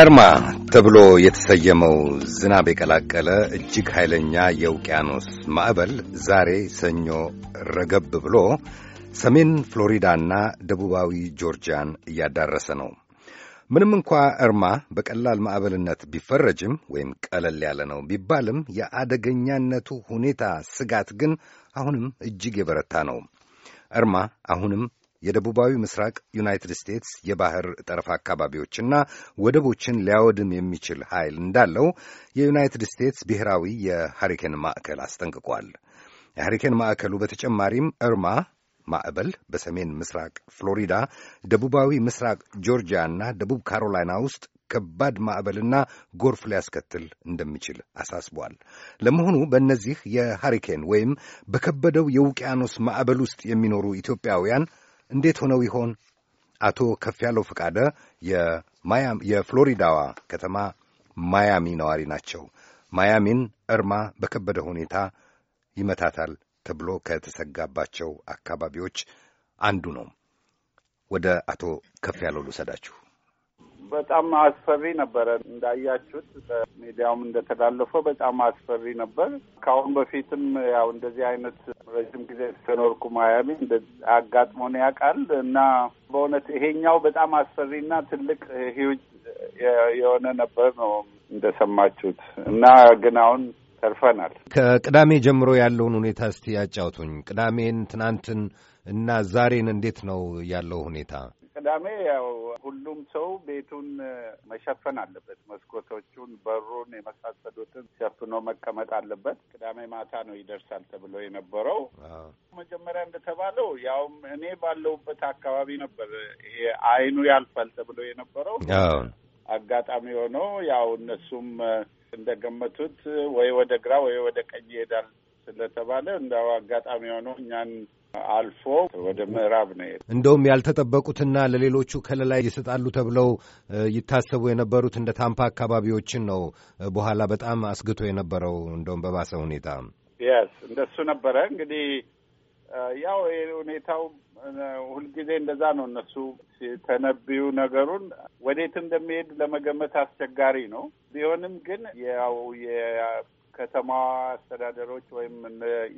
ኤርማ ተብሎ የተሰየመው ዝናብ የቀላቀለ እጅግ ኃይለኛ የውቅያኖስ ማዕበል ዛሬ ሰኞ ረገብ ብሎ ሰሜን ፍሎሪዳና ደቡባዊ ጆርጂያን እያዳረሰ ነው። ምንም እንኳ እርማ በቀላል ማዕበልነት ቢፈረጅም ወይም ቀለል ያለ ነው ቢባልም የአደገኛነቱ ሁኔታ ስጋት ግን አሁንም እጅግ የበረታ ነው። እርማ አሁንም የደቡባዊ ምስራቅ ዩናይትድ ስቴትስ የባህር ጠረፍ አካባቢዎችና ወደቦችን ሊያወድም የሚችል ኃይል እንዳለው የዩናይትድ ስቴትስ ብሔራዊ የሐሪኬን ማዕከል አስጠንቅቋል። የሐሪኬን ማዕከሉ በተጨማሪም እርማ ማዕበል በሰሜን ምስራቅ ፍሎሪዳ፣ ደቡባዊ ምስራቅ ጆርጂያ እና ደቡብ ካሮላይና ውስጥ ከባድ ማዕበልና ጎርፍ ሊያስከትል እንደሚችል አሳስቧል። ለመሆኑ በእነዚህ የሐሪኬን ወይም በከበደው የውቅያኖስ ማዕበል ውስጥ የሚኖሩ ኢትዮጵያውያን እንዴት ሆነው ይሆን? አቶ ከፍ ያለው ፈቃደ የፍሎሪዳዋ ከተማ ማያሚ ነዋሪ ናቸው። ማያሚን እርማ በከበደ ሁኔታ ይመታታል ተብሎ ከተሰጋባቸው አካባቢዎች አንዱ ነው። ወደ አቶ ከፍ ያለው ልውሰዳችሁ። በጣም አስፈሪ ነበረ። እንዳያችሁት በሚዲያውም እንደተላለፈው በጣም አስፈሪ ነበር። ከአሁን በፊትም ያው እንደዚህ አይነት ረዥም ጊዜ ተኖርኩ ማያሚ አጋጥሞን ያውቃል እና በእውነት ይሄኛው በጣም አስፈሪና ትልቅ ሂውጅ የሆነ ነበር ነው እንደሰማችሁት እና ግን አሁን ተርፈናል። ከቅዳሜ ጀምሮ ያለውን ሁኔታ እስቲ ያጫውቱኝ። ቅዳሜን፣ ትናንትን እና ዛሬን እንዴት ነው ያለው ሁኔታ? ቅዳሜ ያው ሁሉም ሰው ቤቱን መሸፈን አለበት። መስኮቶቹን፣ በሩን የመሳሰሉትን ሸፍኖ መቀመጥ አለበት። ቅዳሜ ማታ ነው ይደርሳል ተብሎ የነበረው መጀመሪያ እንደተባለው ያውም እኔ ባለውበት አካባቢ ነበር ይሄ አይኑ ያልፋል ተብሎ የነበረው አጋጣሚ ሆኖ ያው እነሱም እንደገመቱት ወይ ወደ ግራ ወይ ወደ ቀኝ ይሄዳል ስለተባለ እንደ አጋጣሚ ሆኖ እኛን አልፎ ወደ ምዕራብ ነው የሄደው። እንደውም ያልተጠበቁትና ለሌሎቹ ከለላ ይሰጣሉ ተብለው ይታሰቡ የነበሩት እንደ ታምፓ አካባቢዎችን ነው በኋላ በጣም አስግቶ የነበረው እንደውም በባሰ ሁኔታ የስ እንደሱ ነበረ እንግዲህ ያው ሁኔታው ሁልጊዜ እንደዛ ነው። እነሱ ሲተነብዩ ነገሩን ወዴት እንደሚሄድ ለመገመት አስቸጋሪ ነው። ቢሆንም ግን ያው የከተማ አስተዳደሮች ወይም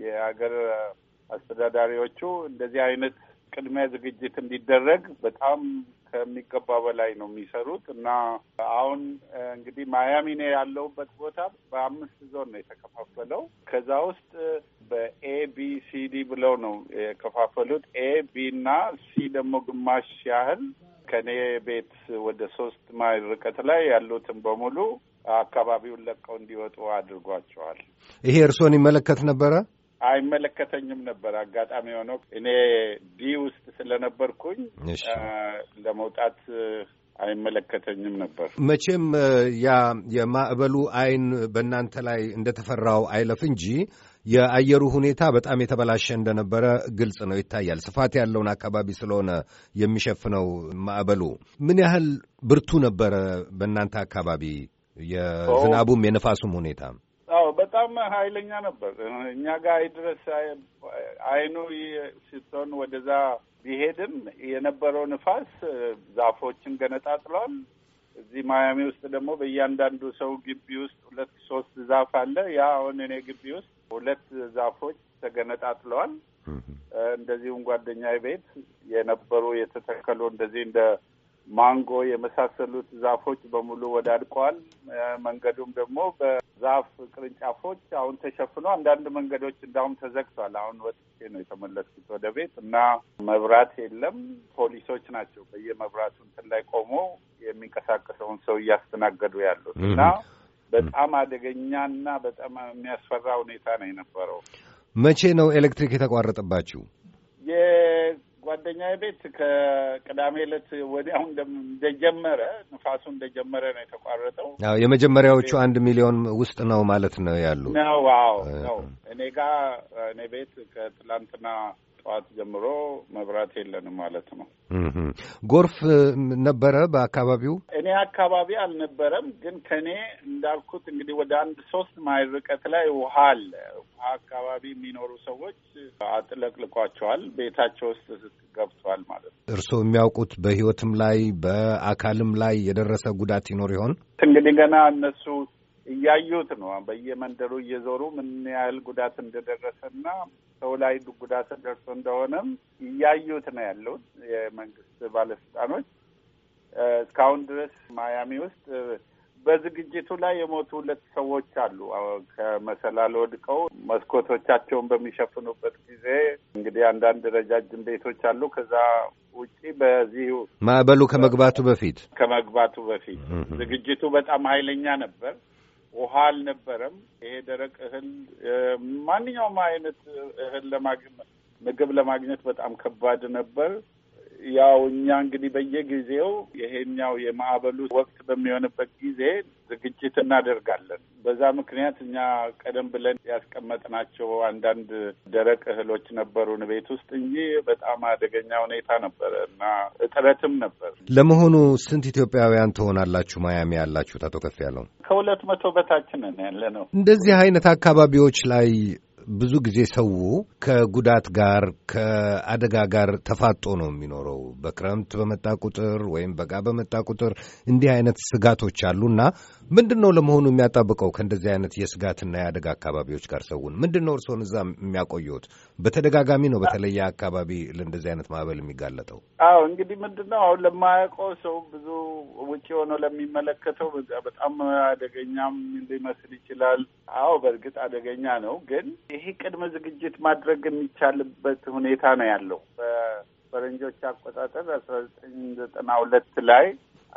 የሀገር አስተዳዳሪዎቹ እንደዚህ አይነት ቅድሚያ ዝግጅት እንዲደረግ በጣም ከሚገባ በላይ ነው የሚሰሩት እና አሁን እንግዲህ ማያሚ ነው ያለሁበት ቦታ በአምስት ዞን ነው የተከፋፈለው። ከዛ ውስጥ በኤ ቢ ሲ ዲ ብለው ነው የከፋፈሉት። ኤ ቢ እና ሲ ደግሞ ግማሽ ያህል ከኔ ቤት ወደ ሶስት ማይል ርቀት ላይ ያሉትን በሙሉ አካባቢውን ለቀው እንዲወጡ አድርጓቸዋል። ይሄ እርስዎን ይመለከት ነበረ? አይመለከተኝም ነበር። አጋጣሚ የሆነው እኔ ዲ ውስጥ ስለነበርኩኝ ለመውጣት አይመለከተኝም ነበር። መቼም ያ የማዕበሉ አይን በእናንተ ላይ እንደተፈራው አይለፍ እንጂ የአየሩ ሁኔታ በጣም የተበላሸ እንደነበረ ግልጽ ነው፣ ይታያል። ስፋት ያለውን አካባቢ ስለሆነ የሚሸፍነው ማዕበሉ ምን ያህል ብርቱ ነበረ በእናንተ አካባቢ የዝናቡም የነፋሱም ሁኔታ? በጣም ኃይለኛ ነበር። እኛ ጋር አይድረስ አይኑ ስትሆን ወደዛ ቢሄድም የነበረው ንፋስ ዛፎችን ገነጣጥሏል። እዚህ ማያሚ ውስጥ ደግሞ በእያንዳንዱ ሰው ግቢ ውስጥ ሁለት ሶስት ዛፍ አለ። ያ አሁን እኔ ግቢ ውስጥ ሁለት ዛፎች ተገነጣጥለዋል። እንደዚሁም ጓደኛዬ ቤት የነበሩ የተተከሉ እንደዚህ እንደ ማንጎ የመሳሰሉት ዛፎች በሙሉ ወዳድቀዋል። መንገዱም ደግሞ በዛፍ ቅርንጫፎች አሁን ተሸፍኖ አንዳንድ መንገዶች እንዳሁም ተዘግቷል። አሁን ወጥቼ ነው የተመለስኩት ወደ ቤት እና መብራት የለም። ፖሊሶች ናቸው በየመብራቱ እንትን ላይ ቆሞ የሚንቀሳቀሰውን ሰው እያስተናገዱ ያሉት እና በጣም አደገኛና በጣም የሚያስፈራ ሁኔታ ነው የነበረው። መቼ ነው ኤሌክትሪክ የተቋረጠባችሁ? ጓደኛዬ ቤት ከቅዳሜ ዕለት ወዲያው እንደጀመረ ንፋሱ እንደጀመረ ነው የተቋረጠው። አዎ የመጀመሪያዎቹ አንድ ሚሊዮን ውስጥ ነው ማለት ነው ያሉ ነው። አዎ ነው እኔ ጋ እኔ ቤት ከትላንትና ጠዋት ጀምሮ መብራት የለንም ማለት ነው። ጎርፍ ነበረ በአካባቢው? እኔ አካባቢ አልነበረም፣ ግን ከእኔ እንዳልኩት እንግዲህ ወደ አንድ ሶስት ማይል ርቀት ላይ ውሃ አለ። ውሃ አካባቢ የሚኖሩ ሰዎች አጥለቅልቋቸዋል፣ ቤታቸው ውስጥ ገብቷል ማለት ነው። እርስዎ የሚያውቁት በህይወትም ላይ በአካልም ላይ የደረሰ ጉዳት ይኖር ይሆን? እንግዲህ ገና እነሱ እያዩት ነው። በየመንደሩ እየዞሩ ምን ያህል ጉዳት እንደደረሰና ሰው ላይ ጉዳት ደርሶ እንደሆነም እያዩት ነው ያሉት የመንግስት ባለስልጣኖች። እስካሁን ድረስ ማያሚ ውስጥ በዝግጅቱ ላይ የሞቱ ሁለት ሰዎች አሉ። ከመሰላል ወድቀው መስኮቶቻቸውን በሚሸፍኑበት ጊዜ እንግዲህ አንዳንድ ረጃጅም ቤቶች አሉ። ከዛ ውጪ በዚህ ማዕበሉ ከመግባቱ በፊት ከመግባቱ በፊት ዝግጅቱ በጣም ኃይለኛ ነበር። ውሃ አልነበረም። ይሄ ደረቅ እህል ማንኛውም አይነት እህል ለማግኘት ምግብ ለማግኘት በጣም ከባድ ነበር። ያው እኛ እንግዲህ በየጊዜው ይሄኛው የማዕበሉ ወቅት በሚሆንበት ጊዜ ዝግጅት እናደርጋለን። በዛ ምክንያት እኛ ቀደም ብለን ያስቀመጥናቸው አንዳንድ ደረቅ እህሎች ነበሩን ቤት ውስጥ እንጂ በጣም አደገኛ ሁኔታ ነበረ እና እጥረትም ነበር። ለመሆኑ ስንት ኢትዮጵያውያን ትሆናላችሁ ማያሚ ያላችሁት? አቶ ከፍ ያለው ከሁለት መቶ በታችን ያለ ነው። እንደዚህ አይነት አካባቢዎች ላይ ብዙ ጊዜ ሰው ከጉዳት ጋር ከአደጋ ጋር ተፋጦ ነው የሚኖረው። በክረምት በመጣ ቁጥር ወይም በጋ በመጣ ቁጥር እንዲህ አይነት ስጋቶች አሉና ምንድን ነው ለመሆኑ የሚያጣብቀው ከእንደዚህ አይነት የስጋትና የአደጋ አካባቢዎች ጋር ሰውን ምንድን ነው እርስዎን እዛ የሚያቆየት? በተደጋጋሚ ነው በተለየ አካባቢ ለእንደዚህ አይነት ማዕበል የሚጋለጠው? አዎ እንግዲህ ምንድን ነው አሁን ለማያውቀው ሰው ብዙ ውጭ ሆነው ለሚመለከተው በጣም አደገኛም ሊመስል ይችላል። አዎ በእርግጥ አደገኛ ነው፣ ግን ይሄ ቅድመ ዝግጅት ማድረግ የሚቻልበት ሁኔታ ነው ያለው። በፈረንጆች አቆጣጠር አስራ ዘጠኝ ዘጠና ሁለት ላይ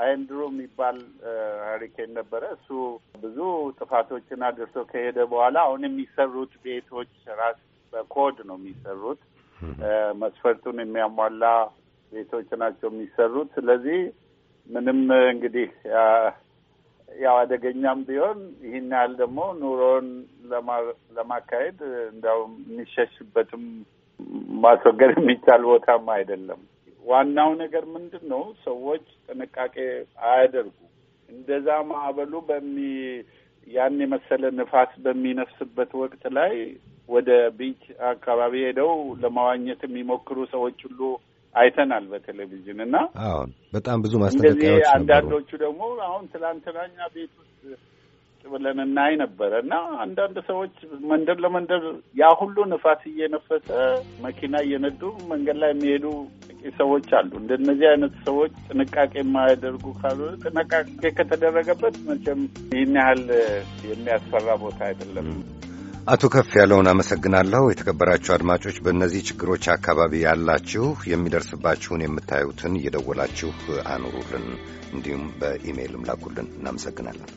አይንድሩ የሚባል ሀሪኬን ነበረ። እሱ ብዙ ጥፋቶችን አድርሶ ከሄደ በኋላ አሁን የሚሰሩት ቤቶች ራስ በኮድ ነው የሚሰሩት። መስፈርቱን የሚያሟላ ቤቶች ናቸው የሚሰሩት። ስለዚህ ምንም እንግዲህ ያው አደገኛም ቢሆን ይህን ያህል ደግሞ ኑሮን ለማካሄድ እንዲያውም የሚሸሽበትም ማስወገድ የሚቻል ቦታም አይደለም። ዋናው ነገር ምንድን ነው? ሰዎች ጥንቃቄ አያደርጉ እንደዛ ማዕበሉ በሚ ያን የመሰለ ንፋስ በሚነፍስበት ወቅት ላይ ወደ ቢች አካባቢ ሄደው ለመዋኘት የሚሞክሩ ሰዎች ሁሉ አይተናል በቴሌቪዥን እና አሁን በጣም ብዙ ማስጠንቀቂያዎች። አንዳንዶቹ ደግሞ አሁን ትላንትናኛ ቤት ውስጥ ብለን እናይ ነበረ እና አንዳንድ ሰዎች መንደር ለመንደር ያ ሁሉ ንፋስ እየነፈሰ መኪና እየነዱ መንገድ ላይ የሚሄዱ አመንጭ ሰዎች አሉ። እንደነዚህ አይነት ሰዎች ጥንቃቄ የማያደርጉ ካሉ ጥንቃቄ ከተደረገበት መቼም ይህን ያህል የሚያስፈራ ቦታ አይደለም። አቶ ከፍ ያለውን አመሰግናለሁ። የተከበራችሁ አድማጮች በእነዚህ ችግሮች አካባቢ ያላችሁ የሚደርስባችሁን የምታዩትን እየደወላችሁ አኑሩልን፣ እንዲሁም በኢሜይልም ላኩልን። እናመሰግናለን።